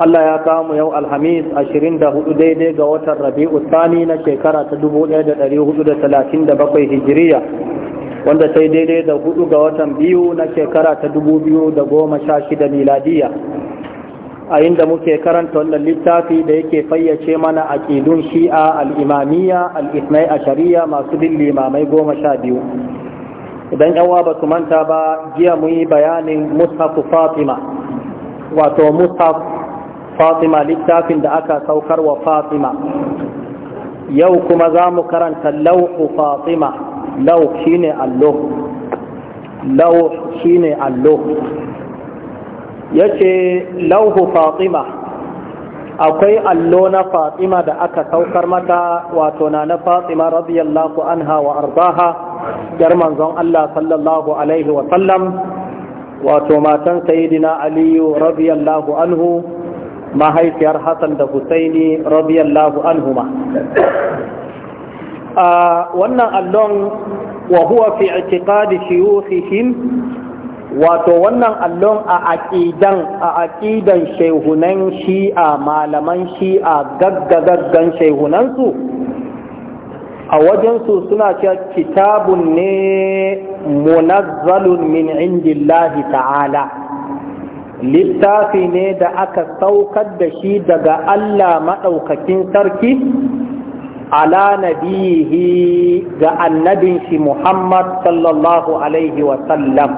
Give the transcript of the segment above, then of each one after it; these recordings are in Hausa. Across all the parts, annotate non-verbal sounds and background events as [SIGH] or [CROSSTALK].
Allah ya kamu yau Alhamis 24 daidai ga watan Rabi'u Sani na shekara ta 1437 Hijiriya wanda sai daidai da hudu ga watan biyu na shekara ta 2016 miladiya a inda muke karanta wannan littafi da yake fayyace mana ƙidun Shi'a al al’ismai a shari'a masu bin limamai goma sha biyu idan yawa ba su manta ba jiya mu yi bayanin Mustapha Fatima wato Mustapha. fatima littafin da aka saukar wa fatima yau kuma za mu karanta lauhu fatima lauh shine allo lauh shine allo yace lauhu fatima akwai allo na fatima da aka saukar mata wato na na fatima radiyallahu anha wa ardaha yar manzon Allah sallallahu alaihi wa sallam wato matan sayyidina aliyu radiyallahu anhu mahaifiyar Hassan da Husaini radiyallahu anhuma a wannan allon wa huwa fi i'tiqadi shuyukhihim wato wannan allon a aqidan a aqidan shehunan shi'a malaman shi'a gaggagaggan shehunan su a wajensu suna cewa kitabun ne munazzalun min indillahi ta'ala littafi ne da aka saukar da shi daga Allah maɗaukakin sarki ala nabihi ga annabin shi Muhammad sallallahu Alaihi wasallam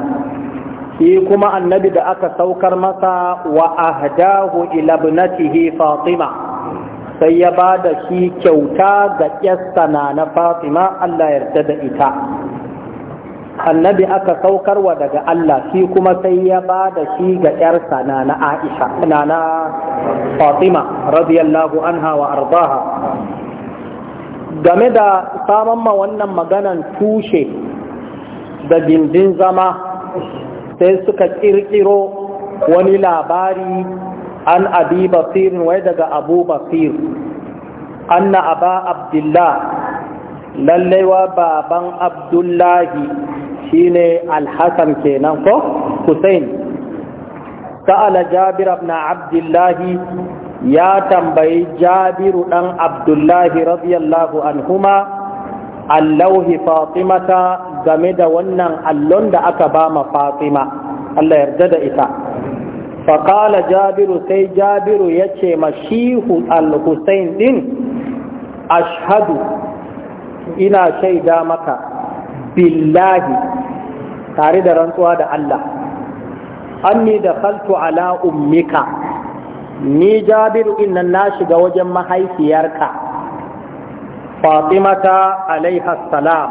shi kuma annabi da aka saukar masa wa ahdahu ila ibnatihi Fatima sai ya ba da shi kyauta ga ƙyasta na Fatima Allah yarda da ita. annabi aka saukarwa daga Allah shi kuma sai ya ba da shi ga ‘yarsa na na Aisha na na Fatima radiyallahu anha wa ardaha game da saman ma wannan maganan tushe da gindin zama sai suka kirkiro wani labari an abi basir wai daga abu basir anna aba abdullah lallai wa baban abdullahi shine Alhassan kenan ko Hussein sa'ala Jabir ibn Abdullahi ya tambayi Jabiru dan abdullahi radiyallahu anhuma allauhi Fatimata game da wannan allon da aka ba ma Fatima Allah yarda da ita faƙala jabiru sai jabiru ya ce ma shi al-Hussein din ashhadu ina shaida maka billahi tare da rantsuwa da Allah anni da kaltu ala ummika ni jabiru innan na shiga wajen mahaifiyarka fatimata alaiha salam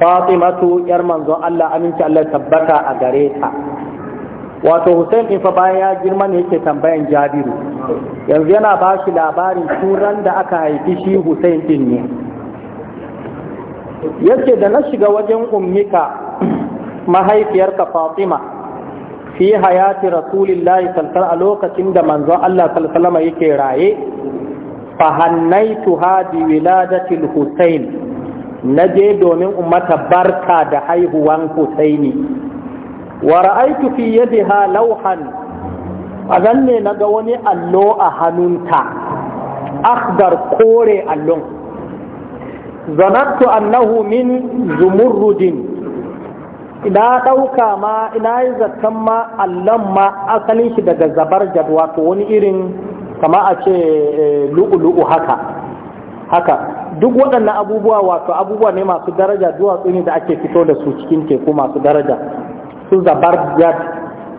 fatimatu yar manzo Allah aminci Allah tabbata a gare ta wato Hussein in fa bayan ya girma ne yake tambayan Jabiru yanzu yana ba shi labarin turan da aka haifi shi Husain din ne yace da na shiga wajen ummika mahaifiyarka fatima fi hayati rasulillahi sallallahu a lokacin da manzon Allah sallallahu yake raye fa hannaitu hadi wiladatil husain na je domin ummata barka da haihuwan husaini wa ra'aitu fi yadiha lawhan a zanne na ga wani allo a hannunta akhdar kore allon zanattu annahu min zumurrudin ina ɗauka ma ina yi zaton ma allon ma asalin shi daga zabar wato wani irin kama a ce eh, lu'ulu'u haka haka duk waɗannan abubuwa wato abubuwa ne masu daraja duwatsu ne da ake fito da su cikin teku masu daraja su zabar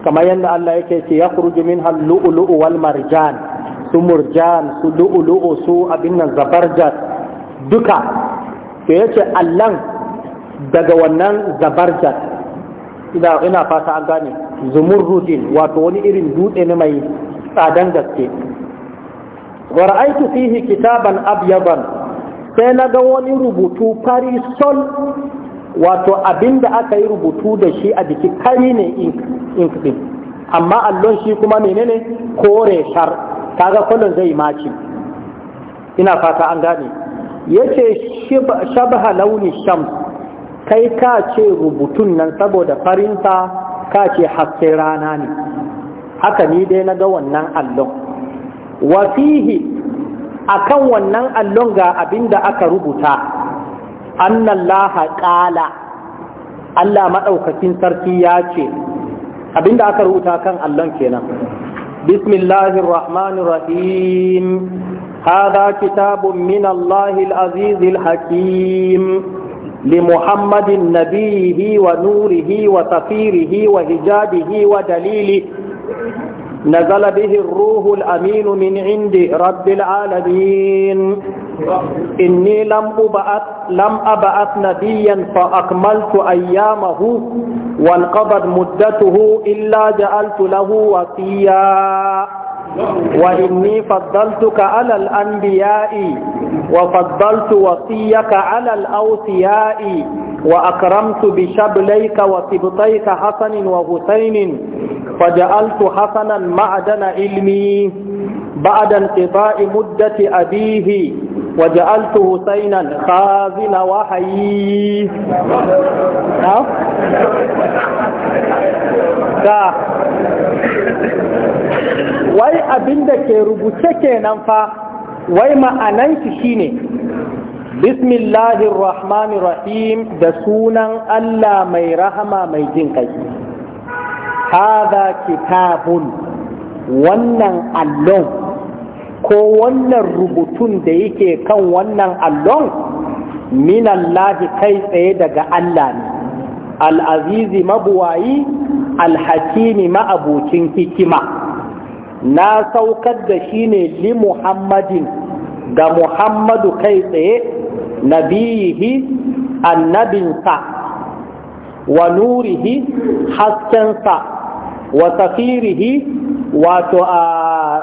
kama yadda Allah yake ce ya kuruji min lu'ulu'u wal marjan su murjan su lu'ulu'u su abin nan jad duka to ya ce allan daga wannan zabarjar ina ina fata an gane zumurrudin wato wani irin dutse ne mai tsadan gaske wa ra'aytu fihi kitaban abyadan sai na ga wani rubutu fari sol wato abinda aka yi rubutu da shi a jiki kari ne ink din amma allon shi kuma menene kore shar kaga kullun zai maci ina fata an gane yace shabha launi sham kai ka ce rubutun nan saboda farinta ka ce haske rana ne haka ni dai na ga wannan allon wasihi akan wannan allon ga abin da aka rubuta annallaha ƙala Allah maɗaukakin sarki ya ce abin da aka rubuta kan allon kenan bismillahir rahim هذا كتاب من الله العزيز الحكيم لمحمد نبيه ونوره وسفيره وهجابه ودليله نزل به الروح الأمين من عند رب العالمين إني لم أبعث, لم أبعث نبيا فأكملت أيامه وانقضت مدته إلا جعلت له وصيا وإني فضلتك على الأنبياء وفضلت وصيك على الأوصياء وأكرمت بشبليك وسبطيك حسن وحسين فجعلت حسنا معدن علمي بعد انقضاء مدة أبيه وجعلت حسينا خازن wahayi? نعم wai abin da ke rubuce kenan fa wai ma'ananki shine bismillahir da sunan Allah mai rahama mai jin kai hada kitabun wannan allon ko wannan rubutun da yake kan wannan allon minallahi kai tsaye daga Allah ne al'azizi mabuwayi alhakimi ma'abucin hikima na saukar da shi ne li muhammadin ga muhammadu kai tsaye na biyihi annabinsa wa nurihi haskensa wa safirihi wato a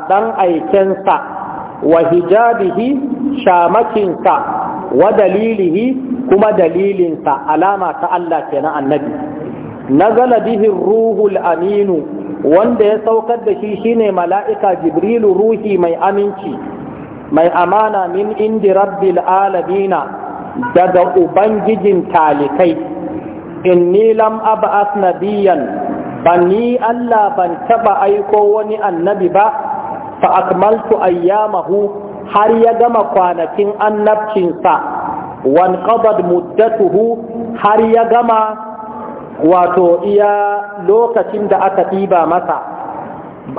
ɗan aikensa wa hijabihi shamakinsa wa dalilihi kuma dalilinsa alama ta Allah kenan annabi nazala bihi ruhul aminu wanda ya saukar da shi shine mala'ika jibrilu ruhi mai aminci mai amana min indi rabbil alamina daga ubangijin talikai inni lam ab'ath nabiyan ban ni Allah ban taɓa aiko wani annabi ba fa akmaltu ayyamahu har ya gama kwanakin annabcinsa wan qabad muddatuhu har ya gama wato iya lokacin da aka diba masa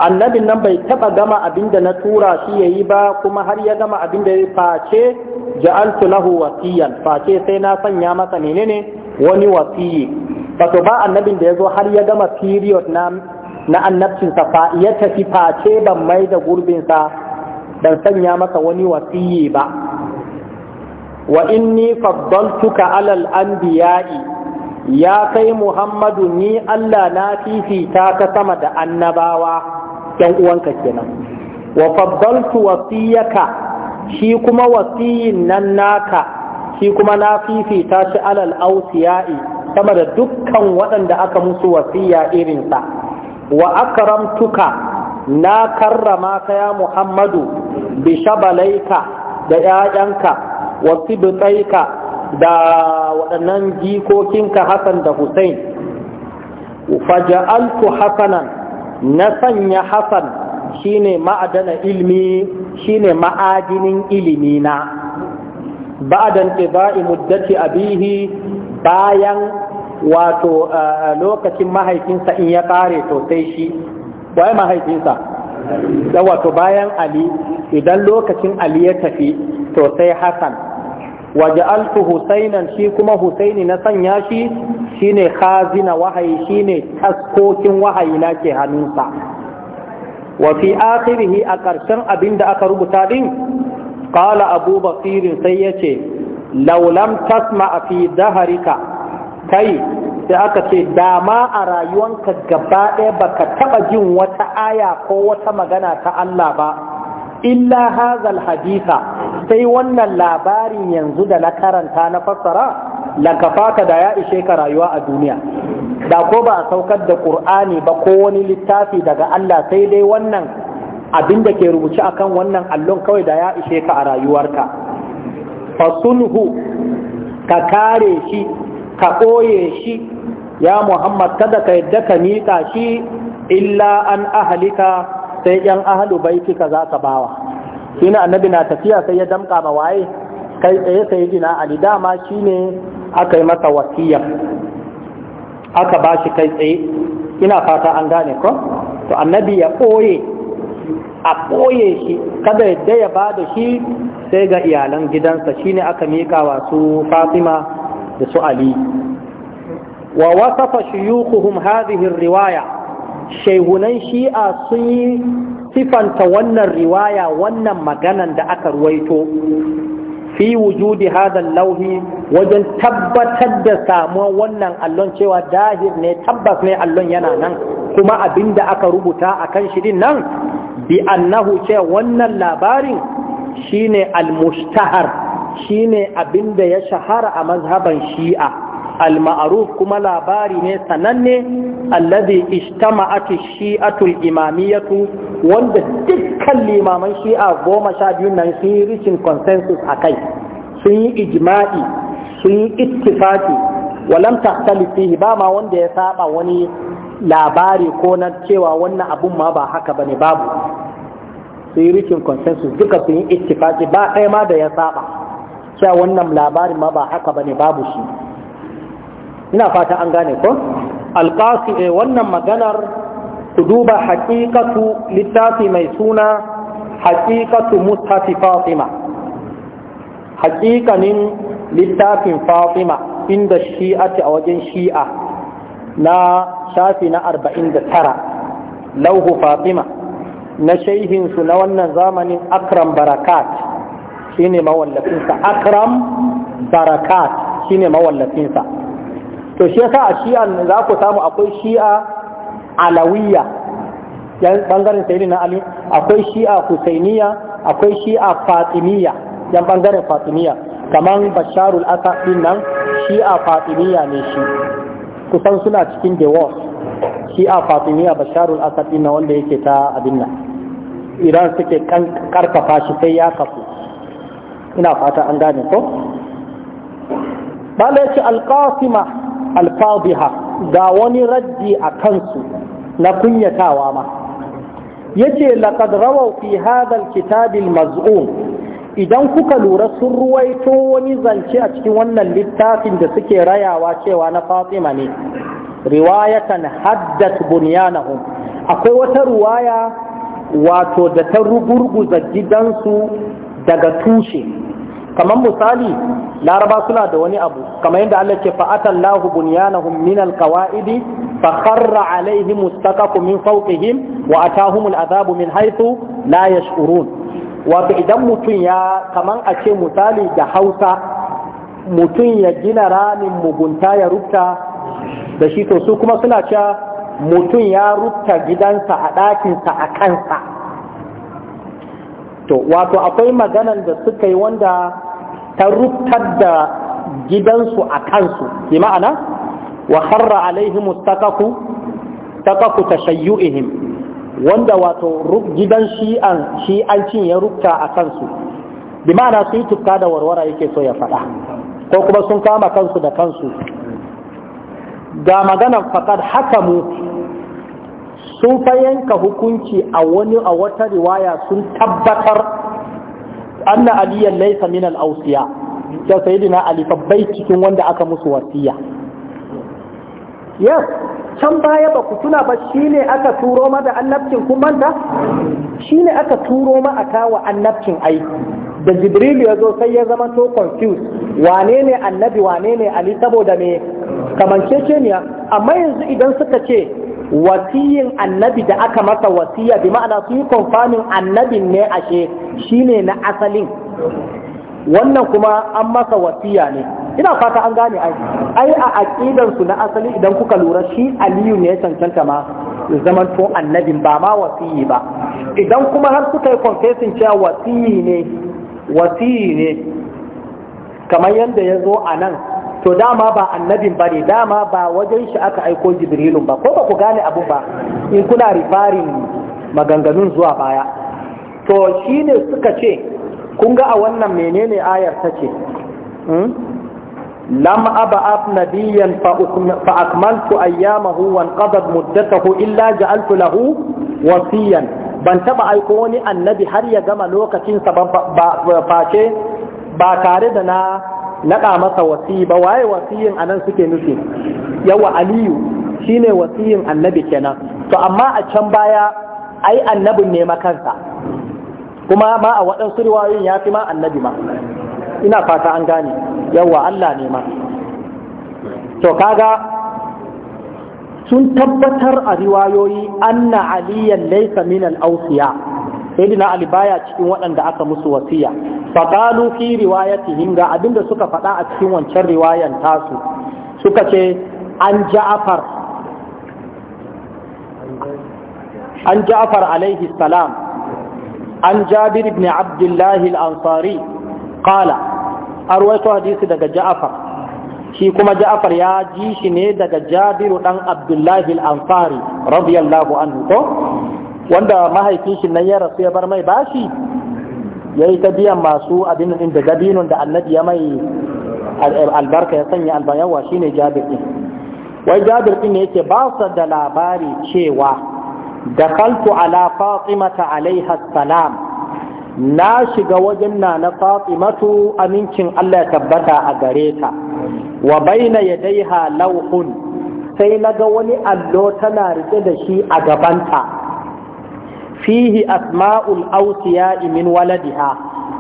annabin nan bai taɓa gama abinda na tura shi yayi ba kuma har ya gama abinda ya face ja'altu lahu wasiyan face sai na sanya masa menene wani wasiyi wato ba annabin da ya zo har ya gama period na na annabcinsa fa ya tafi face ban mai da gurbinsa dan sanya masa wani wasiyi ba wa inni faddaltuka alal anbiya'i ya kai muhammadu ni Allah na fifita ka sama da annabawa Yan uwanka kenan wa faddaltu wasiyaka shi kuma wasiyin nan naka shi kuma na fifita shi alal ausiya'i sama da dukkan waɗanda aka musu wasiya irinsa wa akaramtuka na karrama ka ya muhammadu bi shabalaika da 'ya'yanka wa tsibitsaika da waɗannan jikokinka Hassan da hussein faja'altu Hassanan, na sanya hasan shine ma'adana ilmi shine ma'adinin ilimina ba'adan qida'i muddati abihi bayan wato lokacin mahaifinsa in ya kare to sai shi waye mahaifinsa da wato bayan ali idan lokacin ali ya tafi to sai hasan waje alfu husainan shi kuma husaini na sanya shi shine khazina wahayi shine taskokin wahayi na ke hannunsa wa fi akhirihi a ƙarshen abin da aka rubuta din qala abu basirin sai yace laulam tasma fi daharika kai sai aka ce dama a rayuwanka gaba ɗaya ka taɓa jin wata aya ko wata magana ta Allah ba illa hazal haditha sai wannan labarin yanzu da na karanta na fassara lakafaka da ya ishe ka rayuwa a duniya da ko ba a saukar da ƙur'ani ba ko wani littafi daga Allah sai dai wannan abin da ke rubuce akan wannan allon kawai da ya ishe ka a rayuwarka fasunhu ka kare shi ka ɓoye shi ya muhammad kada ka yadda ka miƙa shi illa an ahalika sai yan ahalu ka za ka bawa shi ne annabi na tafiya sai ya damƙa ma waye kai tsaye sai jina ali dama shi ne aka yi masa wasiya aka ba shi kai tsaye ina fata an gane ko to annabi ya ɓoye a ɓoye shi kada yadda ya ba da shi sai ga iyalan gidansa shine aka miƙa wa su fatima da su ali wa wasafa shuyukuhum hadhihi riwaya shehunan shi'a sun yi sifanta wannan riwaya wannan maganan da aka ruwaito fi wujudi hadan lauhi wajen tabbatar da samuwar wannan allon cewa dahir ne tabbas ne allon yana nan kuma abin da aka rubuta a kan shirin nan bi annahu ce wannan labarin shine al-mushtahar shine abin da ya shahara a mazhaban shi'a al maaruf kuma labari ne sananne alladhi ijtama'at shi'atul imamiyatu wanda dukkan limaman shi'a goma sha biyu nan sun yi reaching consensus kai, sun yi ijma'i sun yi ittifaqi walam tahtali ba ma wanda ya saba wani labari ko na cewa wannan abun ma ba haka bane babu sun yi rikin consensus duka sun yi ittifaki ba ɗaya ma da ya saba cewa wannan labarin ma ba haka bane babu shi ina fata an gane ko alqasi eh, wannan maganar ku duba haqiqatu littafi mai suna haqiqatu Mustafi fatima haqiqanin littafin fatima inda shi'ati a wajen shi'a na shafi na 49 lauhu fatima na shaihinsu na wannan zamanin akram barakat shine mawallafinsa akram barakat shine mawallafinsa to shi yasa a shi'a za ku samu akwai shi'a alawiyya yan bangaren sayyidin na ali akwai shi'a husainiya akwai shi'a fatimiya yan bangaren fatimiya kaman basharul asad din nan shi'a fatimiya ne shi kusan suna cikin divorce shi'a fatimiya basharul asad din nan wanda yake ta abin nan iran suke karfafa shi sai ya kafu ina fata an gane ko bala yace alqasima alfadiha ga wani raddi a kansu na kunyatawa ma yace laqad rawaw fi hadha alkitab almaz'um idan kuka lura sun ruwaito wani zance a cikin wannan littafin da suke rayawa cewa na Fatima ne riwayatan haddat bunyanahum akwai wata ruwaya wato da ta rugurguza gidansu daga tushe kamar misali laraba suna da wani abu kamar yadda Allah ke fa'atan lahu bunyanahum min alqawaidi fa kharra alaihim mustaqaqu min fawqihim wa atahum al'adabu min haythu la yash'urun idan mutum ya kamar a ce misali da Hausa mutum ya gina ramin mugunta ya rubta da shi to su kuma suna cewa mutum ya rufta gidansa a ɗakinsa a kansa to wato akwai maganan da suka yi wanda ta rubtar da gidansu a kansu bi ma'ana wa harra alaihimu ta taqaku tashayyu'ihim wanda wato gidan shi'an shi'ancin ya rubta a kansu bi ma'ana yi tufka da warwara yake so ya faɗa ko kuma sun kama kansu da kansu ga maganan faƙar haka mu sun fa yanka hukunci a wani a wata riwaya sun tabbatar anna aliyan laysa min al-awsiya ya sayyidina ali fa cikin wanda aka musu wasiya yes can baya ba ku tuna ba shine aka turo ma da annabcin kun manta shine aka turo ma aka wa annabcin ai da jibril ya zo sai ya zama to confused wane ne annabi wane ne ali saboda me ne? amma yanzu idan suka ce wasiyin annabi da aka masa wasiya bi ma'ana su yi konfamin annabin ne ashe shine na asalin wannan kuma an masa wasiya ne ina fata an gane ai ai a aqidan su na asali idan kuka lura shi aliyu ne ya cancanta ma zaman to annabin ba ma wasiyi ba idan kuma har suka yi confessing cewa wasiyi ne wasiyi ne kamar yadda ya zo a nan to dama ba annabin ba ne dama ba wajen shi aka aiko jibrilun ba ko ba ku gane abu ba in kuna rifarin maganganun zuwa baya to shi ne suka ce kun ga a wannan menene ayar ta ce lam aba'af nabiyan fa akmaltu ayyamahu wa qadat muddatahu illa ja'altu lahu wasiyan ban taba aiko wani annabi har ya gama lokacin sa ba face ba tare da na naɗa masa wasi ba waye wasiyin anan suke nufi yawa aliyu shine wasiyin annabi kenan to amma a can baya ai annabin ne makansa kuma ma a waɗansu riwayoyin ya fi ma annabi ma ina fata an gane yawa Allah ne ma to kaga sun tabbatar a riwayoyi anna aliyan laysa min al-awsiya sayyidina ali baya cikin waɗanda aka musu wasiya fa qalu fi riwayatihim ga abinda suka faɗa a cikin wancan riwayan tasu suka ce an ja'far an ja'far alaihi salam an jabir ibn abdullah al-ansari qala arwaytu hadisi daga ja'far shi kuma ja'far ya ji shi ne daga jabiru dan Abdullahi al-ansari radiyallahu anhu ko wanda mahaifin nan ya rasu ya bar mai bashi ya yi ta biyan masu abin din da dabinun da annabi ya mai albarka ya sanya albayawa shine jabir din wai jabir din yake ba sa da labari cewa dakaltu ala fatimata alaiha salam na shiga wajen na na fatimatu amincin Allah ya tabbata a gare ta wa baina daiha lauhun sai na ga wani allo tana rike da shi a gabanta fihi asma'ul awsiya min waladiha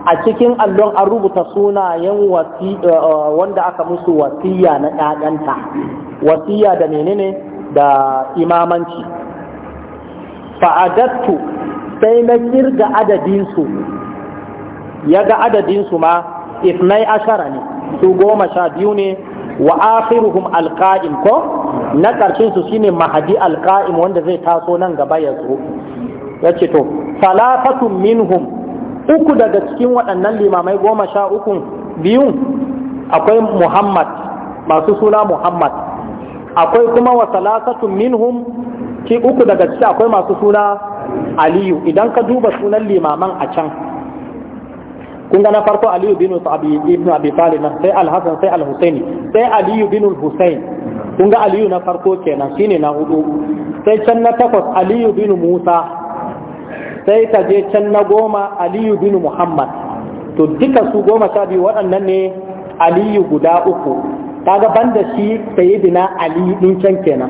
a cikin allon an rubuta sunayen eh, eh, wanda aka musu wasiya na ƴaƴanta wasiya da menene da imamanci fa'adattu sai na kirga adadinsu ya ga adadinsu ma isnai ashara ne su goma sha biyu ne wa akhiruhum alqa'im ko na ƙarshen su shine mahadi alqa'im wanda zai taso nan gaba ya zo ce to salafatun minhum uku daga cikin waɗannan limamai goma sha uku biyun akwai Muhammad masu suna Muhammad akwai kuma wa salasatun minhum ki uku daga ciki akwai masu suna Aliyu idan ka duba sunan limaman a can kun ga na farko Aliyu bin ibn Abi Talib sai alhassan sai alhussaini sai Aliyu bin hussain kun ga Aliyu na farko kenan shine na hudu sai can na takwas Aliyu bin Musa sai ka je can na goma aliyu bin muhammad to duka su goma sha biyu waɗannan ne aliyu guda uku kaga da shi dina ali din can kenan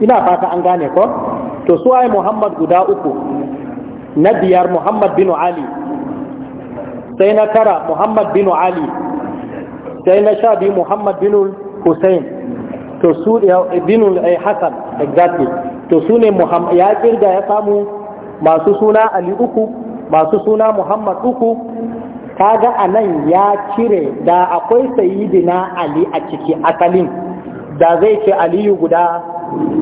ina fata an gane ko to su ai muhammad guda uku na biyar muhammad bin ali sai na tara muhammad bin ali sai na sha biyu muhammad bin hussein to su eh, bin eh, hasan exactly to su ne ya kirga ya samu masu suna ali uku masu suna muhammad uku kaga a nan ya cire da akwai sayidina ali a ciki asalin da zai ce aliyu guda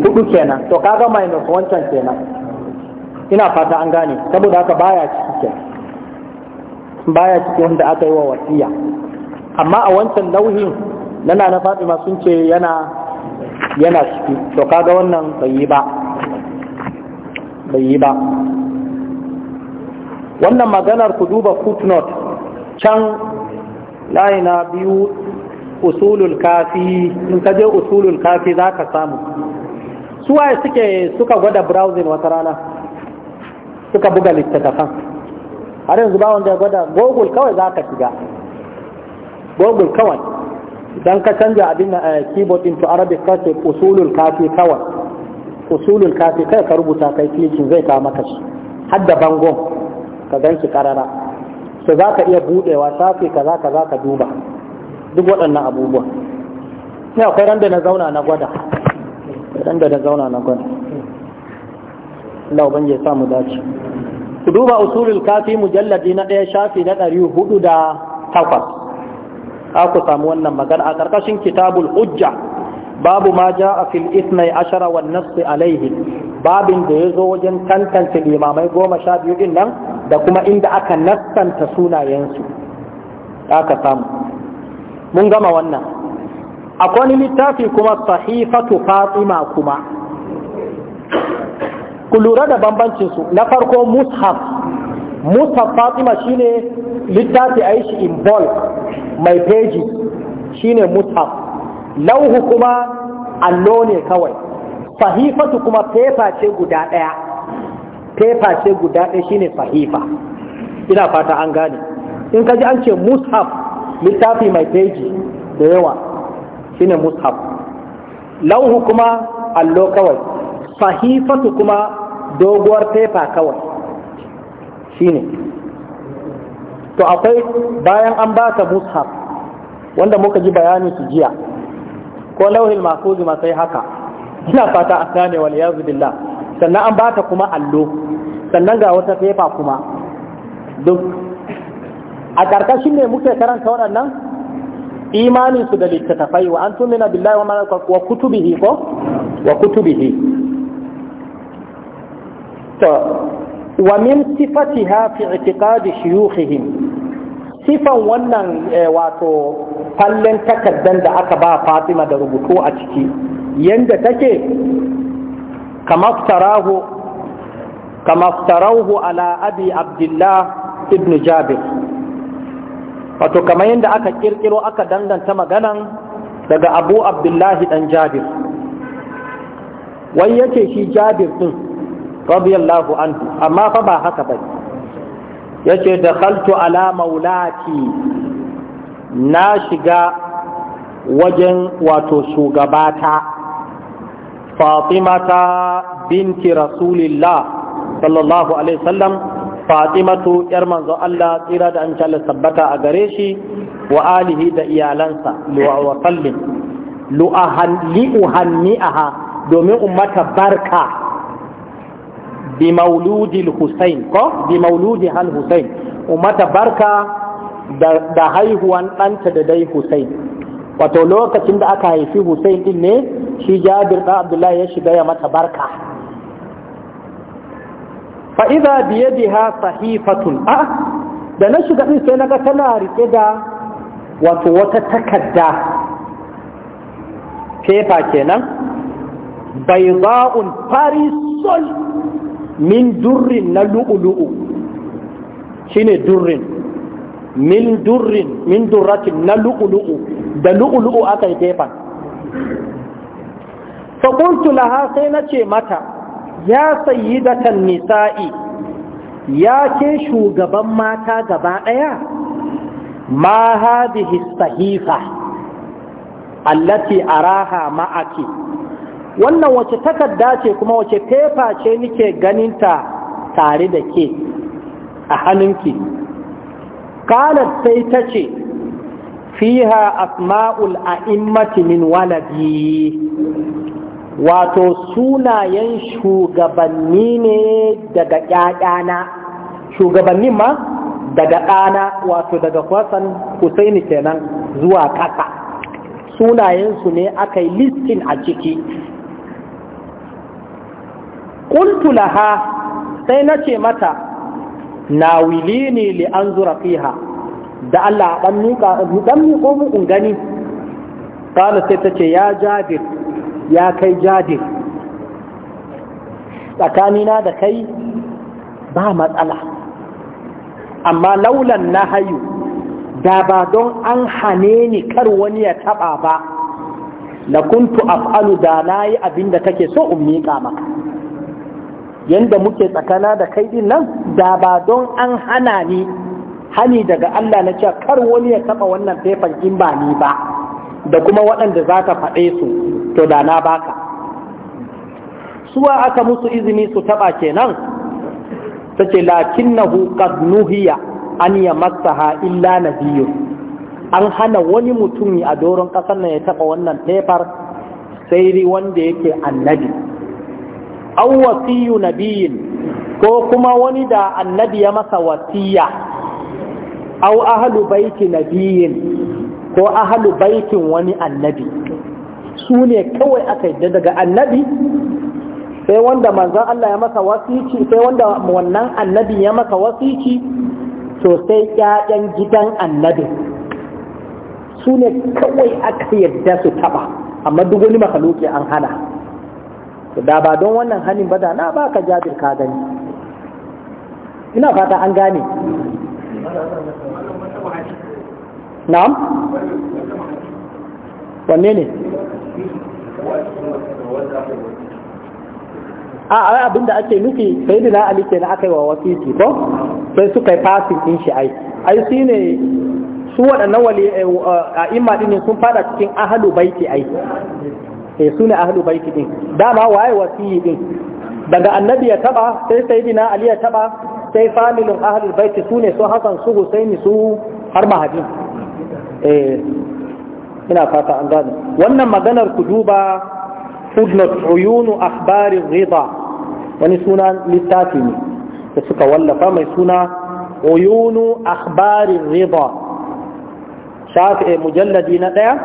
hudu kenan to kaga minus wancan kenan ina fata an gane saboda haka baya ciki kenan baya ciki wanda aka yi wa wasiya amma a wancan nau'in nana na fatima sun ce yana yana ciki to kaga wannan bai yi ba bai yi ba wannan maganar ku duba footnote can layi na biyu usulul kafi in ka je usulul kafi za ka samu suwaye suke suka gwada browsing wata rana suka buga littattafan har yanzu ba wanda ya gwada google kawai za ka shiga google kawai don ka canja abin eh, keyboard into arabic ka ce usulul kafi kawai usulul kafi kai ka rubuta kai filicin zai kawo maka shi har da bangon ka gan shi karara su za ka iya budewa shafi kaza kaza ka duba duk waɗannan abubuwa ne akwai randa na zauna na gwada randa na zauna na gwada Allah ban je samu dace ku duba usulul kafi mujalladi na ɗaya shafi na ɗari hudu da takwas za ku samu wannan magana a ƙarƙashin kitabul hujja babu ma ja a fil isnai ashara wa nafsi alaihi babin da ya zo wajen tantance limamai goma sha biyu din nan da kuma inda aka nassanta sunayensu aka samu mun gama wannan akwai littafi kuma sahifatu fatima kuma ku lura da bambancinsu na farko mushaf mushaf fatima shine littafi a yi shi in bulk mai peji shine mushaf lauhu kuma allo ne kawai sahifatu kuma fefa ce guda ɗaya fefa ce guda ɗaya shine sahifa ina fata an gane in ka ji an ce mushaf littafi mai peji da yawa shine mushaf lauhu kuma allo kawai sahifatu kuma doguwar fefa kawai shine to akwai bayan an ba ta mushaf wanda muka ji bayani su jiya ko lauhin makuzi ma sai haka ina fata a gane wal yazu billah sannan an bata kuma allo sannan ga wata fefa kuma duk a ƙarƙashin ne muke karanta waɗannan imanin su da littattafai wa an tumina billahi wa malaka wa kutubihi ko wa kutubihi to wa min sifatiha fi i'tiqadi shuyukhihim sifan wannan eh, wato fallen takardar da aka ba fatima da rubutu a ciki yadda take kamaftarahu kamaftarahu ala abi abdullah ibn jabir wato kamar yadda aka kirkiro aka danganta maganan daga abu abdullahi dan jabir wai yace shi jabir din radiyallahu anhu amma fa ba haka bai yace dakhaltu ala maulati na shiga wajen wato shugabata fatimata binti rasulillah sallallahu alaihi wasallam fatimatu yar manzo Allah tsira da an Allah sabbata a gare shi wa alihi da iyalansa wa sallim domin ummata barka bi mauludi ko bi Hal al ummata barka da haihuwan ɗanta da dai Husayn wato lokacin da aka haifi Husayn din ne shi Jabir da Abdullahi ya shiga ya mata barka fa idza bi yadiha sahifatun a da na shiga din sai naga tana rike da wato wata takarda. kefa kenan bayza'un farisol min durrin na lu'ulu'u ne durrin min durrin min durratin na lu'ulu'u da lu'ulu'u aka yi gefen faƙuntu laha sai na ce mata ya sayi datan nisa'i ya ke shugaban mata gaba ɗaya ma hadhihi sahifa allati araha ma'aki wannan wace takarda ce kuma wace fefa ce nike ganinta tare da ke a hannunki kanar sai ta ce fiha asma'ul a'immati min waladi wato sunayen shugabanni ne daga ƴaƴana shugabanni ma daga ɗana wato daga kwasan husaini kenan zuwa ƙasa sunayensu ne aka yi listin a ciki qultu laha sai nace mata nawilini li da Allah a ɗan miƙo mukun gani qala sai ta ce ya jadir, ya kai jabir tsakanina da kai ba matsala amma laulan na hayu da ba don an hane ni kar wani ya taɓa ba Na kuntu af'alu da na nayi abinda kake so in miƙa maka yanda muke tsakana da kai din nan da ba don an hana ni hani daga Allah na cewa kar wani ya taba wannan faifan in ba ni ba da kuma waɗanda za ka faɗe su to da na baka suwa aka musu izini su taba kenan ta ce lakinnahu qad nuhiya an yamassaha illa nabiyyu an hana wani mutumi a doron ƙasar nan ya taba wannan faifar sai wanda yake annabi aw wasiyu nabiyin ko kuma wani da annabi ya masa wasiya aw ahlu baiti nabiyin ko ahlu baitin wani annabi su ne kawai aka yi daga annabi sai wanda manzon Allah ya masa wasici sai wanda wannan annabi ya masa wasiki, to sai ƴaƴan gidan annabi su ne kawai aka yadda su taba amma duk wani makaluki an hana da ba don wannan hannun ba da na ka jabir ka gani ina fata an gane na'am wanne ne a ai abin da ake nufi sai da na aka yi wa wasiti ko sai suka yi fasin din shi ai ai shi ne su waɗannan wali eh, eh, a imma din sun fada cikin ahalu baiti ai eh su ne baiti din dama waye wasiyi din daga annabi ya taba sai sayyidina ali ya taba sai familin ahlu baiti su ne su hasan su husaini su har mahadin eh ina fata an gane wannan maganar ku duba footnote uyunu akhbari rida wani suna littafi ne da suka wallafa mai suna uyunu akhbari rida shafi eh, mujalladi na daya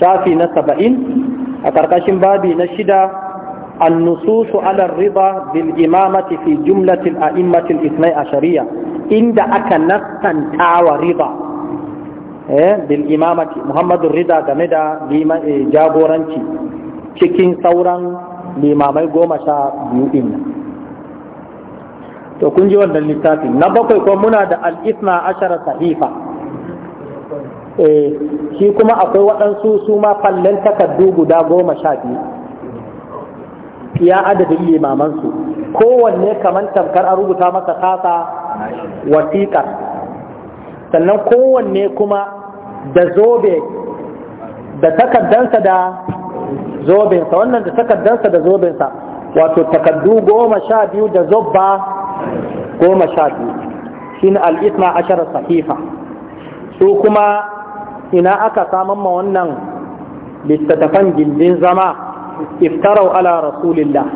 shafi na saba'in a ƙarƙashin babi na shida annususu alar riba bil imamati fi jumlatil a'immatil isnai a shari'a inda aka nastanta wa riba eh, bil imamati muhammadun rida game da eh, jagoranci cikin sauran limamai goma sha biyu din to kun ji wannan littafin na bakwai ko muna da al-isna ashara sahifa Eh, shi kuma akwai waɗansu su ma fallen takardu guda goma sha biyu ya adadin limamansu kowanne kamar tamkar a rubuta masa kasa wasiƙar sannan kowanne kuma da zobe da takardansa da zobensa wannan da takardansa da zobensa wato takardu goma sha biyu da zobba goma sha biyu shi ne al'isma ashirar sahifa su kuma ina aka saman ma wannan littattafan gindin zama iftarau ala rasulillah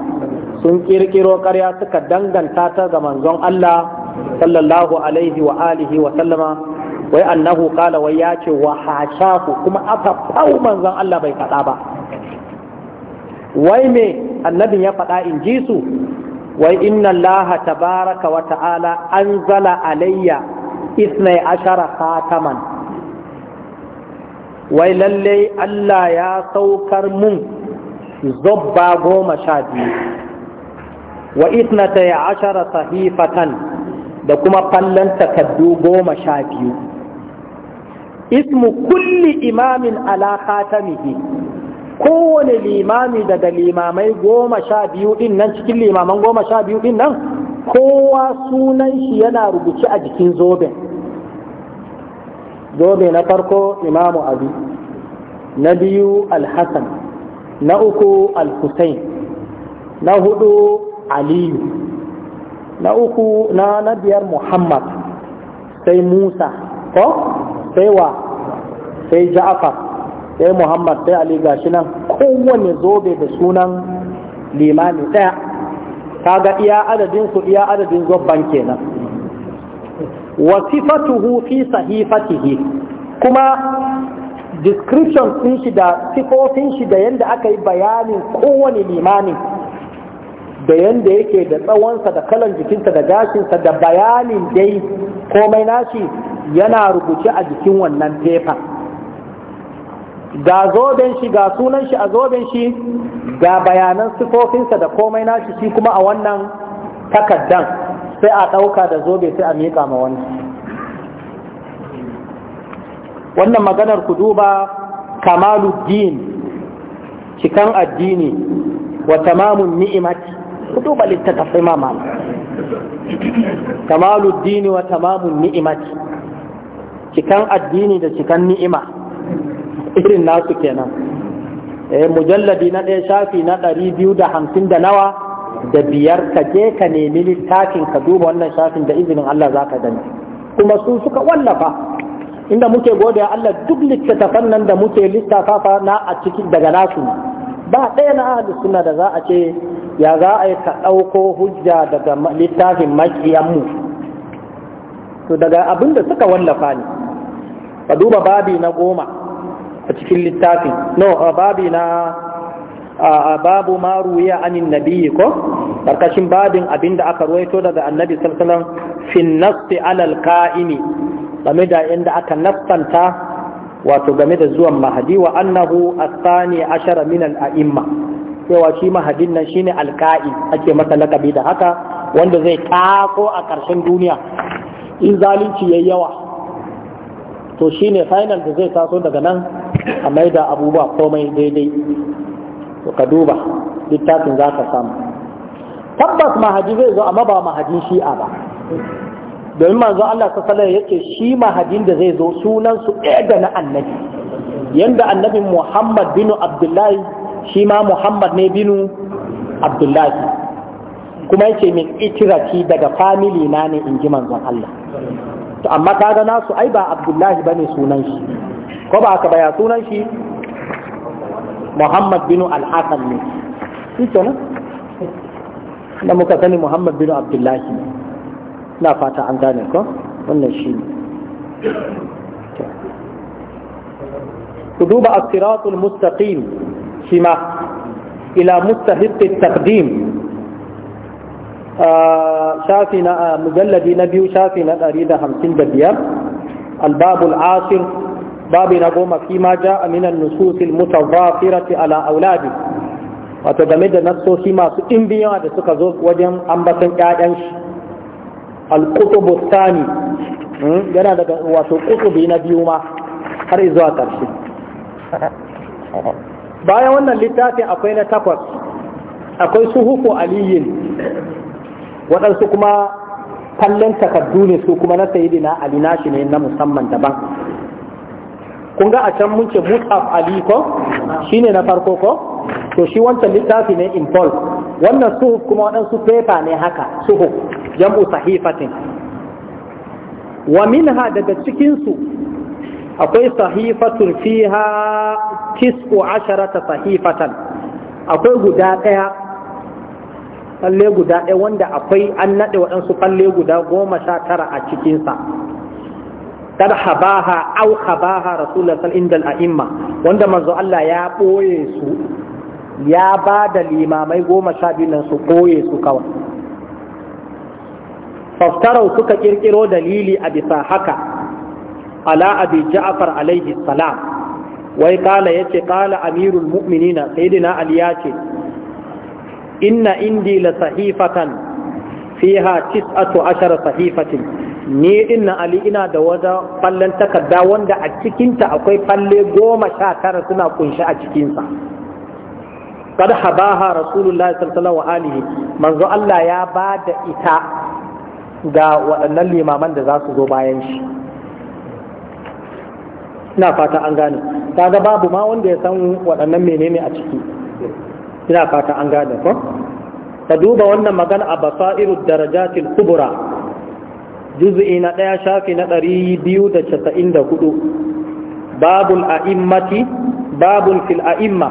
sun kirkiro ƙarya suka danganta ta ga manzon Allah sallallahu alaihi wa alihi wa sallama wai annahu kala wai ya ce wa hashahu kuma aka fau manzon Allah bai faɗa ba wai me annabin ya faɗa in ji su wai inna Allah tabaraka wa ta'ala anzala alayya isnai ashara khataman wai lalle Allah ya saukar mun zobba goma sha biyu wa itnata ya ashara sahifatan da kuma fallon takardu goma sha biyu ismu kulli imamin ta mihi, kowane limami daga limamai goma sha biyu nan cikin limaman goma sha biyu nan kowa sunan shi yana rubuce a jikin zoben zobe na farko imamu abi na biyu alhassan na uku alhussein na hudu aliyu na uku na na biyar muhammad sai musa ko sai wa sai ja'afar sai muhammad sai ali gashi nan kowane zobe da sunan limani daya kaga iya adadin su iya adadin zobban kenan wa sifatuhu fi sahifatihi kuma description din shi da sifofin shi da yanda aka yi bayanin kowane limamin da yanda yake da tsawonsa da kalan jikinsa da gashinsa da bayanin dai komai nashi yana rubuce a jikin wannan fefa ga zoben shi ga sunan shi a zoben shi ga bayanan sifofinsa da komai nashi shi kuma a wannan takaddan sai a ɗauka da zobe sai a miƙa ma wani wannan maganar ku duba kamaluddin cikan addini wa tamamun ni'imati ku duba littattafai ma mamala kamaluddin wa tamamun ni'imati cikan addini da cikan ni'ima irin nasu kenan eh mujalladi na ɗaya shafi na ɗari biyu da hamsin da nawa da biyar ka je ka nemi littafin ka duba wannan shafin da izinin Allah za ka gani kuma su suka wallafa inda muke gode Allah duk littafan nan da muke littafafa na a cikin daga nasu ba ɗaya na ahli sunna da za a ce ya za a yi ka ɗauko hujja daga littafin makiyanmu to daga abin da suka wallafa ne ka duba babi na goma a cikin littafin no babi na babu ma ruwiya anin nabiyyi ko karkashin babin abinda aka ruwaito daga annabi sallallahu alaihi wasallam fi nasti alal qa'imi game da inda aka nassanta wato game da zuwan mahadi wa annahu asani ashara min al a'imma cewa shi mahadin nan shine alka'i ake masa lakabi da haka wanda zai tako a karshen duniya in zalunci yayi yawa to shine final da zai taso daga nan a maida abubuwa komai daidai to ka duba littafin za ka samu tabbas mahadi zai zo amma ba mahajin shi'a ba domin manzo Allah sallallahu ya ce shi mahadin da zai zo sunan su ɗaya na annabi yanda annabi Muhammad bin Abdullahi shi ma Muhammad ne bin Abdullahi kuma yake min itiraki daga family na ne in ji manzon Allah to amma kaga nasu ai ba Abdullahi bane sunan shi ko ba haka ba sunan shi محمد بن الحسن من ايش لما كان محمد بن عبد الله لا فاتا عن ذلك كو ولا شيء تدوب الصراط المستقيم فيما الى مستحق التقديم شافنا مجلد نبي شافنا الاريده 55 الباب العاشر babi na goma fi ma ja'a min an-nusus al-mutadhafirati ala auladi wato game da nassoshi masu ɗimbin yawa da suka zo wajen ambaton ƴaƴan shi al-qutubu hmm, yana daga wato qutubi na biyu ma har zuwa ƙarshe bayan wannan littafin akwai na takwas akwai su suhufu aliyin waɗansu kuma kallon takardu ne su kuma na sayi na ali nashi ne na musamman daban kun ga a can mun ce mus'af ali ko shine na farko ko to shi wancan littafi ne in bulk wannan suhuf kuma waɗansu paper ne haka suhuf jam'u sahifatin wa minha daga cikinsu akwai sahifatun fiha ashara ta sahifatan akwai guda ɗaya falle guda ɗaya wanda akwai an naɗe waɗansu falle guda goma sha tara a cikinsa kad habaha au habaha rasulullah sallallahu indal a'imma wanda manzo Allah ya boye su ya ba da limamai goma sha biyu nan su boye su kawai faftarau suka kirkiro dalili a bisa haka ala abi ja'far alaihi salam wai kala yace kala amirul mu'minina sayyidina ali yace inna indi la sahifatan fiha tis'atu sahifatin ni din nan ali ina da wata fallen takarda wanda a cikinta akwai falle goma sha tara suna kunshi a cikinsa kad habaha rasulullah sallallahu alaihi manzo Allah ya bada ita ga waɗannan limaman da za su zo bayan shi ina fata an gane kaga babu ma wanda ya san waɗannan menene a ciki ina fata an gane ko ka duba wannan magana a basairu darajatil kubra juz'i na ɗaya shafi na ɗari biyu da casa'in da hudu babul a'immati babun fil a'imma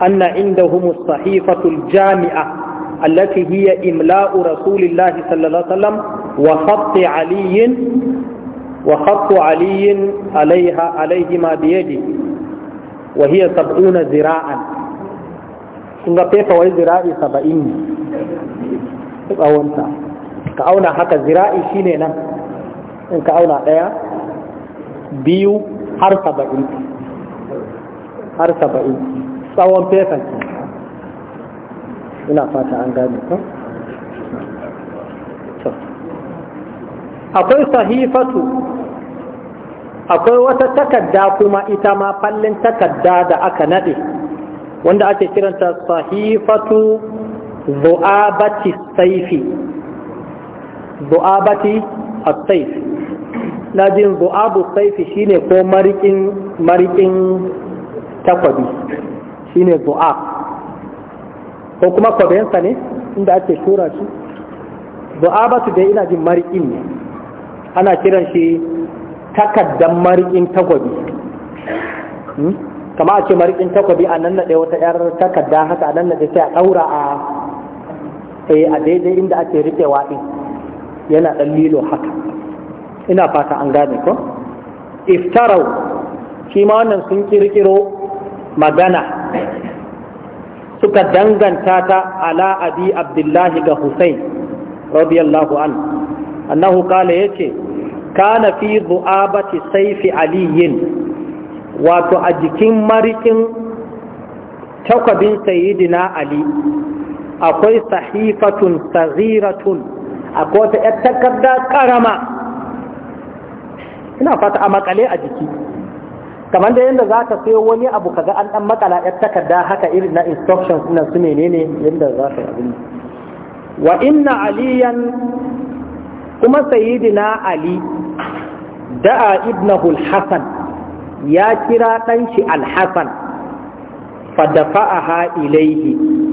anna indahum sahifatul jami'a allati hiya imla'u رسول الله صلى الله عليه وسلم وخط علي وخط علي عليها عليهما بيده ga fefa wai zira'i saba'in ne tsawonta ka auna haka zira'i shine nan in ka auna ɗaya biyu har saba'in har saba'in tsawon fesa ina fata an gane ko akwai sahifatu akwai wata takadda kuma ita ma fallin takadda da aka nade wanda ake kiranta sahifatu zu'abati saifi du'abati as-sayf na jin du'abu sayf shine ko marikin marikin takwabi shine du'ab ko kuma kwabensa ne inda ake tura shi du'abatu dai ina jin marikin ne ana kiran shi takaddan marikin takwabi hmm? kama a ce marikin takwabi a nan naɗe wata 'yar takarda haka a nan naɗe sai a ɗaura a eh, a daidai inda ake riƙewa ɗin yana ɗan lilo haka ina fata an gane ko iftarau shi ma wannan sun kirkiro magana suka danganta ta ala abi abdullahi ga Hussein radiyallahu an annahu kala yace kana fi zu'abati saifi aliyin wato a jikin marikin takwabin sayidina ali akwai sahifatun saziratun akwai wata ‘yar takarda ƙarama ina fata a makale a jiki kamar da yadda za ka sayo wani abu kaga an ɗan makala ‘yar takarda haka irin na instructions na su menene yadda za ka abin wa inna aliyan kuma sayidina ali da'a ibnahu hasan ya kira ɗan shi alhassan fadafa'aha ilaihi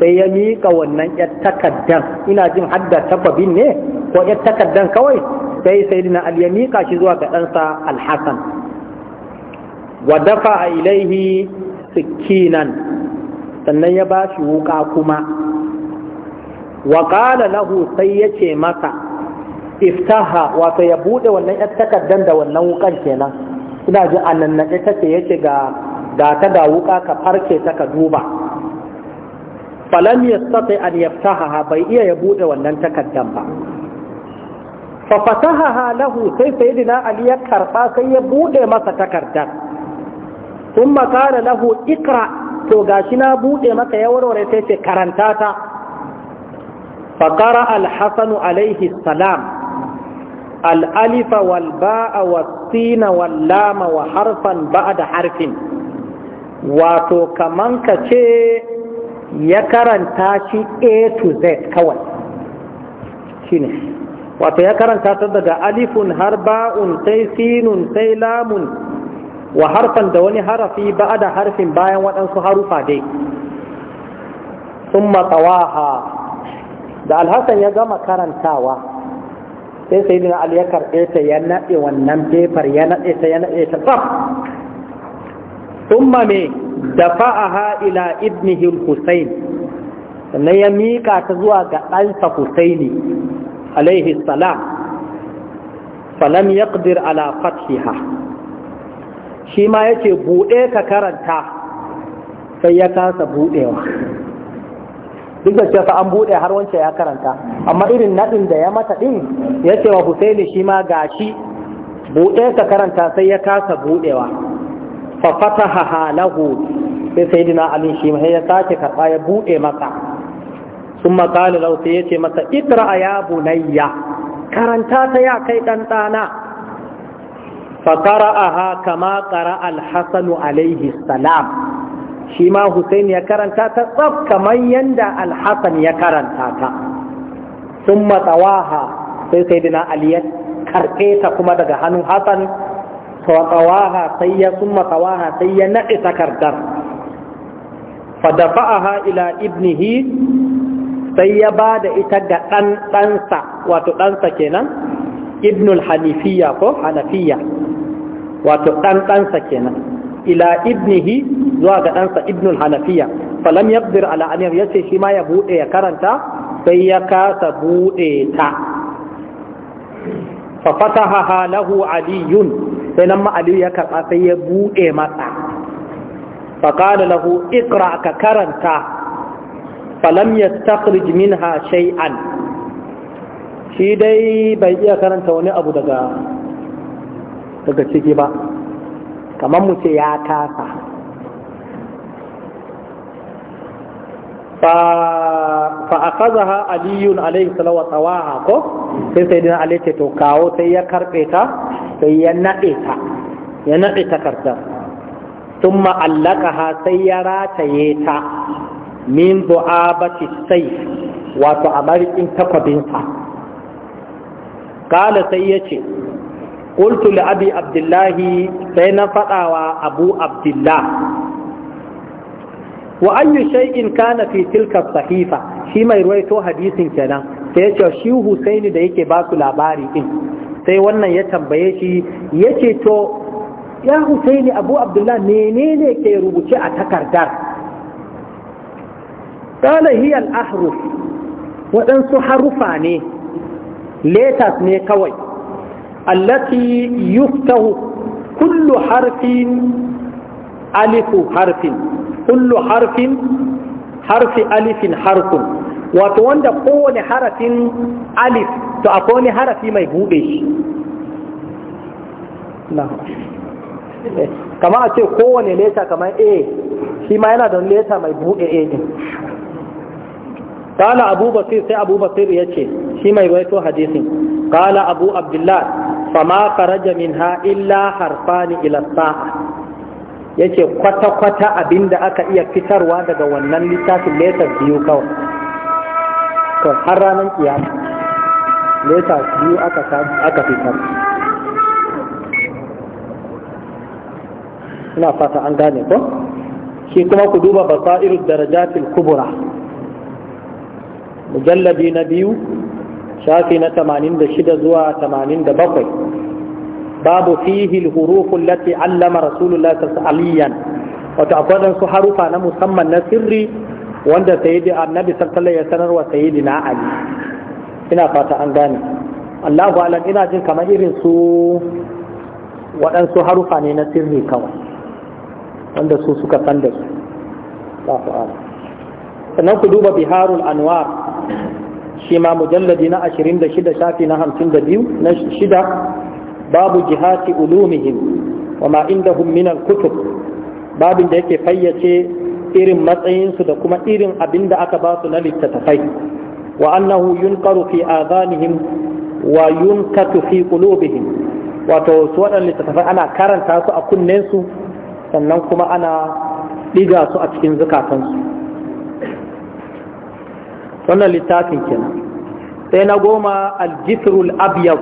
sai ya miƙa wannan yar takaddan ina jin hadda takwabin ne ko yar takaddan kawai sai sai ali ya miƙa shi zuwa ga ɗansa alhassan wa dafa ilaihi sikinan sannan ya ba shi wuka kuma wa qala lahu sai yace ce masa iftaha wato ya bude wannan yar takaddan da wannan wukan kenan ina ji annannaɗe take yace ga ga ta da wuƙa ka farke ta ka duba falam yastati an yaftahaha bai iya ya bude wannan takaddan ba fa fatahaha lahu sai sayyidina ali ya karba sai ya bude masa takardar. thumma qala lahu ikra to gashi na bude maka ya warware sai ce karanta ta fa qara al-hasan alayhi salam الألف والباء والسين واللام وحرفا بعد حرف واتو ka ce. ya karanta shi a to z kawai shi ne wato ya karanta ta daga alifun har ba'un sai sinun sai lamun wa harfan da wani harafi ba da harfin bayan waɗansu harufa dai sun matsawaha da alhassan ya gama karantawa sai sai Ali ya karɓe ta ya naɗe wannan fefar ya naɗe ta ya naɗe ta tsaf umma me dafa'aha ila ibnihim Husain sannan ya mika ta zuwa ga ɗansa Husaini alaihi salam falam yaqdir ala fathiha shi ma yace buɗe ka karanta sai ya kasa buɗewa duk da cewa an buɗe har wancan ya karanta amma irin naɗin da ya mata ɗin ya ce wa Husaini shi ma gashi buɗe ka karanta sai ya kasa buɗewa fa fataha lahu sai sayyidina ali shi ya sake karba ya bude masa sun makali ya ce yace masa ikra ya bunayya karanta ta ya kai dan dana fa qara'aha kama qara'a al-hasan salam shi ma ya karanta ta tsaf kamar yanda al ya karanta ta sun matsawaha sai sayyidina ali ya karɓe ta kuma daga hannu Hassan فقواها سيا ثم قواها سيا نقي تكردر فدفعها إلى ابنه سيا بعد إتجا أن تنسى وتنسى كنا ابن الحنيفية كو حنفية وتنسى كنا إلى ابنه زوج أنسى ابن الحنفية فلم يقدر على أن يسي شما يبوء يكرنتا سيكا تبوء تا ففتحها له علي sai nan ma'aliyu ya karɓa sai ya buɗe masa faƙaɗa lahu ikra ka karanta falam ya jimin minha shai'an shi dai bai iya karanta wani abu daga ciki ba kamar mu ce ya kasa fa akazaha aliyun alayhi salawa tsawaha ko sai sai dina alayhi to kawo sai ya karɓe ta sai ya naɗe ta ya nade sun ma'allaka ha sai ya rataye ta min du'abati sai wato a marikin takwabinsa kala sai ya ce qultu li abdullahi sai na faɗawa abu abdullah wa ayyu shay'in kana fi tilka sahifa shi mai ruwaito hadisin kenan sai yace shi Husaini da yake ba su labari din sai wannan ya tambaye shi yace to ya Husaini Abu Abdullah menene ke rubuce a takardar kala hiya al-ahruf waɗansu harufa ne letters ne kawai allati yuftahu kullu harfin alifu harfin kullu harfin harfi alifin harfun wato wanda kowane harafin alif to akwai wani harafi mai buɗe shi kama a ce kowane leta kamar a shi ma yana da leta mai buɗe a din قال أبو بصير سي أبو بصير يتشي شما يويتو حديثي قال أبو عبد الله فما min ha illa harfani إلى yace kwata-kwata abinda aka iya fitarwa daga wannan littafin letar biyu kawai to har ranar kiyama letar biyu aka fitar ina fata an gane ko shi kuma ku duba basairu darajatil kubura mujalladi na biyu shafi na 86 zuwa 87 babu fihi al-huruf allati allama rasulullah sallallahu wato akwai su harufa na musamman na sirri wanda sayyidi annabi sallallahu ya sanarwa sayyidina ali ina fata an gane Allahu alam ina jin kamar irin su waɗansu harufa ne na sirri kawai wanda su suka san da su Allahu alam sannan ku duba biharul anwar shi ma mujalladi na 26 shafi na 52 na shida babu jihati ulumihim wa ma indahum min al-kutub babin da yake fayyace irin matsayinsu da kuma irin abin da aka ba su na littattafai wa annahu yunqaru fi adhanihim wa yunkatu fi qulubihim wato su waɗannan littattafai ana karanta su a kunnensu sannan kuma ana ɗiga su a cikin zukatansu wannan littafin kenan sai na goma Aljifirul abiyar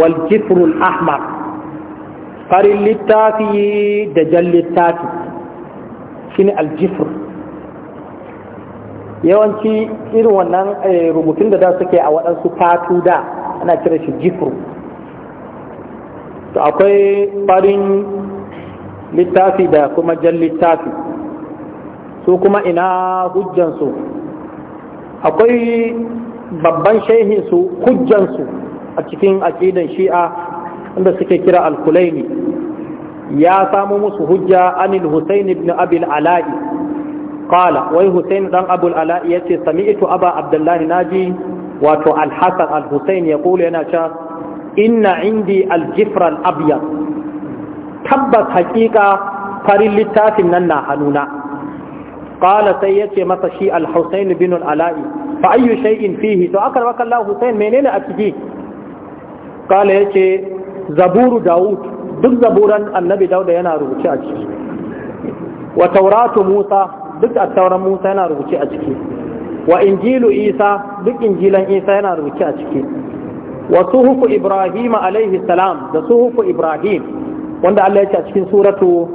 Waljifirul Ahmad, ahmar farin littafi da jan littafi ne aljifir yawanci irin wannan eh, rubutun da da suke a waɗansu fatu da ana kira shi jifir to akwai farin littafi da kuma jan littafi su kuma ina hujjansu akwai babban shehinsu hujjansu a cikin aƙidan shi'a inda suke kira al-kulaini ya samu musu hujja anil husain ibn abil ala'i qala wai husain dan abul ala'i yace sami'tu aba abdullahi naji wato al alhusain ya husain yaqulu yana cewa inna indi al-jifra tabbas haqiqa farin littafin nan na hanuna. qala sai yace masa shi al-husain ibn alai fa ayyu shay'in fihi to akar maka Allah Hussein menene a ciki kala yace zaburu Dawud duk zaburan annabi Dawud yana rubuce a ciki wa tauratu Musa duk at Musa yana rubuce a ciki wa injilu Isa duk injilan Isa yana rubuce a ciki wa suhufu Ibrahim alaihi salam da suhufu Ibrahim wanda Allah ya a cikin suratu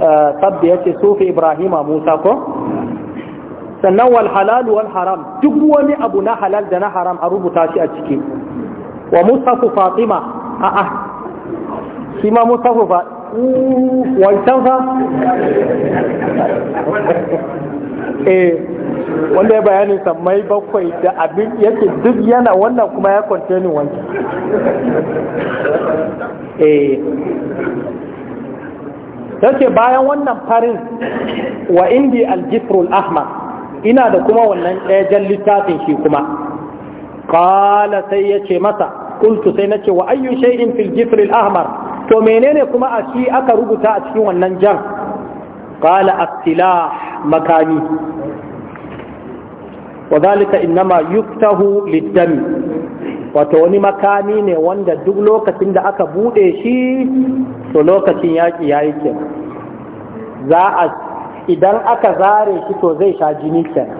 eh, sabbi yace sufi Ibrahim Musa ko sannan wal walharam duk wani abu na halal da na haram a rubuta shi a ciki wa musafu fatima a a shi ma musafu fa wancan fa [LAUGHS] eh wanda ya bayanin sammai bakwai da abin yake duk yana wannan kuma ya containing wancan [LAUGHS] eh ta ce bayan wannan farin wa indi aljifrul ahmar ina da kuma wannan ɗaya jan littafin shi kuma qala sai ya ce masa kultu sai nace wa ayyu shay'in fil jifr al ahmar to menene kuma a shi aka rubuta a cikin wannan jan qala as-silah makami وذلك إنما يفتح wato wani makami ne wanda duk lokacin da aka bude shi to lokacin yaƙi ya yi ke za a idan aka zare shi to zai sha jini kenan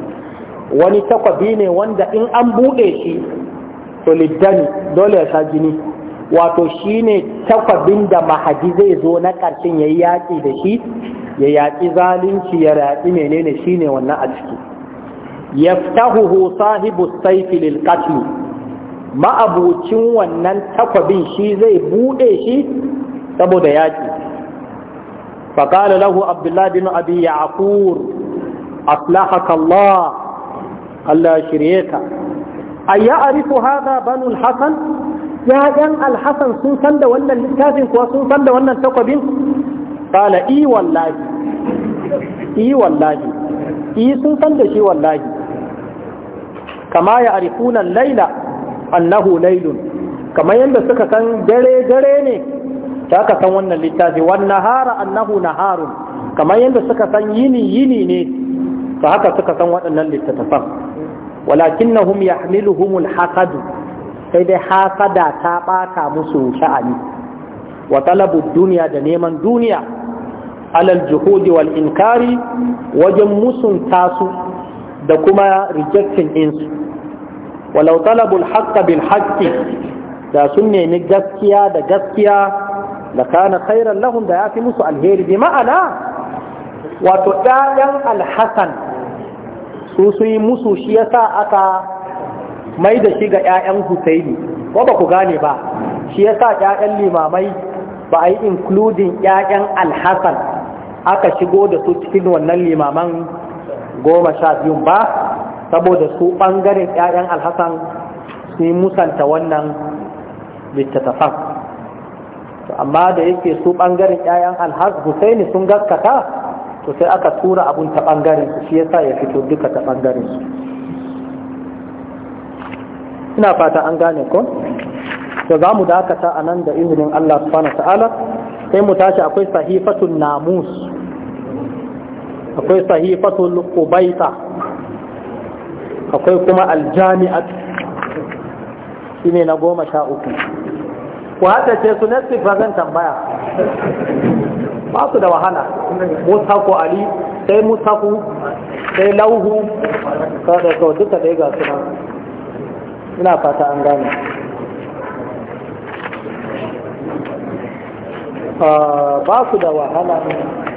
wani takwabi ne wanda in an buɗe shi to liddani dole ya sha jini wato shi ne takwabin da mahadi zai zo na ƙarshen ya yi yaƙi da shi ya yaƙi zalunci ya yaƙi menene shi ne wannan a ciki yaftahuhu sahibu saifi lil qatl ma'abucin wannan takwabin shi zai buɗe shi saboda yaƙi فقال له عبد الله بن ابي يعقوب اصلحك الله الله شريك اي يعرف هذا بن الحسن يا جن الحسن سن سن ده wannan littafin ko sun san da wannan takwabin قال اي والله اي والله اي sun san da shi wallahi kama ya arifuna layla annahu laylun kama yanda suka san gare gare ne ta ka san wannan littafi wan nahara annahu naharun kamar yadda suka san yini yini ne to haka suka san waɗannan littattafan walakinnahum yahmiluhumul hasad sai dai da ta ɓaka musu sha'ani wa talabu duniya da neman duniya alal juhudi wal inkari wajen musun tasu da kuma rejecting insu walau talabul haƙa bil haƙƙi, da sun nemi gaskiya da gaskiya la kana khairan lahum da yafi musu alheri bi ma'ana wato ɗayan alhasan su su yi musu shi yasa aka mai da shi ga ƴaƴan husaini ko ba ku gane ba shi yasa ƴaƴan limamai ba a yi including ƴaƴan alhasan aka shigo da su cikin wannan limaman goma sha biyu ba saboda su ɓangaren ƴaƴan alhasan sun musanta wannan littattafan amma da yake su bangaren yayan alhaz husaini sun gaskata to sai aka tura abun ta bangaren shi yasa ya fito duka ta bangaren su ina fata an gane ko to za mu dakata anan da izinin Allah subhanahu ta'ala sai mu tashi akwai sahifatul namus akwai sahifatul qubaita akwai kuma aljami'at shine na goma sha uku ku ce su na ba zan tambaya ba su da wahala Musa ko ali sai Musa ku, sai lauhu kada to duka dai ga na, ina fata an gane ah, ba su da wahala